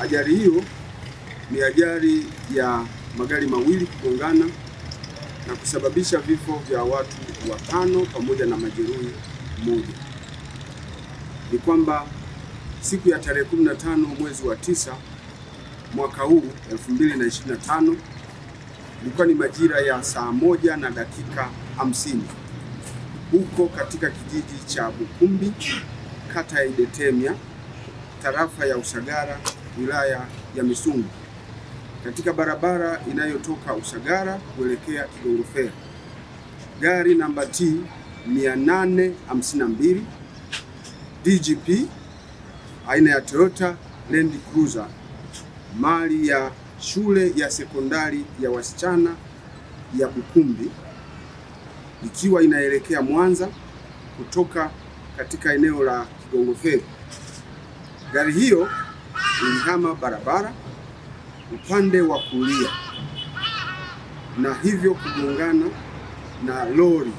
Ajali hiyo ni ajali ya magari mawili kugongana na kusababisha vifo vya watu watano pamoja na majeruhi mmoja. Ni kwamba siku ya tarehe 15 mwezi wa tisa mwaka huu 2025 ilikuwa ni majira ya saa moja na dakika hamsini huko katika kijiji cha Bukumbi kata ya idetemia tarafa ya Usagara wilaya ya Misungwi katika barabara inayotoka Usagara kuelekea Kigongo Feri, gari namba T 852 DGP aina ya Toyota Land Cruiser, mali ya shule ya sekondari ya wasichana ya Bukumbi, ikiwa inaelekea Mwanza kutoka katika eneo la Kigongo Feri. Gari hiyo Ilihama barabara upande wa kulia na hivyo kugongana na lori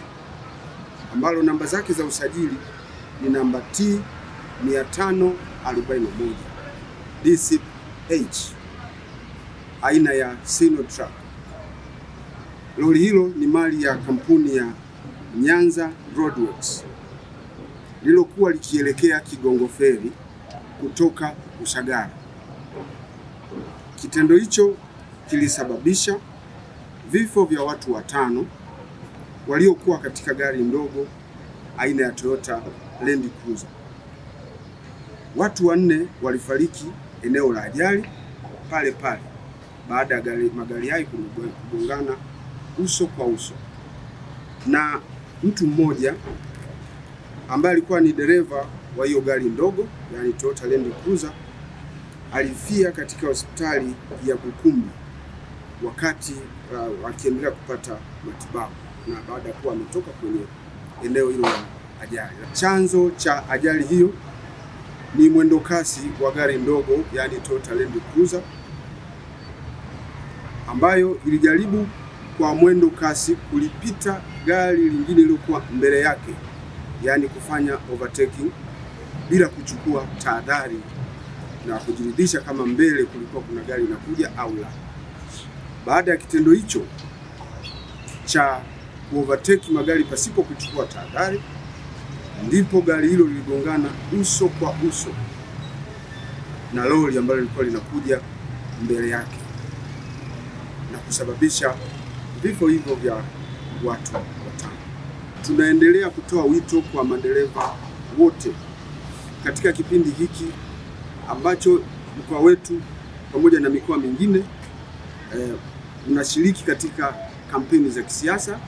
ambalo namba zake za usajili ni namba T 541 DCH aina ya Sino Truck. Lori hilo ni mali ya kampuni ya Nyanza Roadworks lilokuwa likielekea Kigongo Ferry kutoka Usagara. Kitendo hicho kilisababisha vifo vya watu watano waliokuwa katika gari ndogo aina ya Toyota Land Cruiser. Watu wanne walifariki eneo la ajali pale pale baada ya magari hayo kugongana uso kwa uso, na mtu mmoja ambaye alikuwa ni dereva wa hiyo gari ndogo, yani Toyota Land Cruiser, alifia katika hospitali ya Bukumbi wakati uh, akiendelea kupata matibabu na baada ya kuwa ametoka kwenye eneo hilo la ajali. Chanzo cha ajali hiyo ni mwendokasi wa gari ndogo yani Toyota Land Cruiser ambayo ilijaribu kwa mwendo kasi kulipita gari lingine lilokuwa mbele yake, yaani kufanya overtaking bila kuchukua tahadhari na kujiridhisha kama mbele kulikuwa kuna gari inakuja au la. Baada ya kitendo hicho cha kuovertake magari pasipo kuchukua tahadhari, ndipo gari hilo liligongana uso kwa uso na lori ambalo lilikuwa linakuja mbele yake na kusababisha vifo hivyo vya watu watano. Tunaendelea kutoa wito kwa madereva wote katika kipindi hiki ambacho mkoa wetu pamoja na mikoa mingine eh, unashiriki katika kampeni za kisiasa.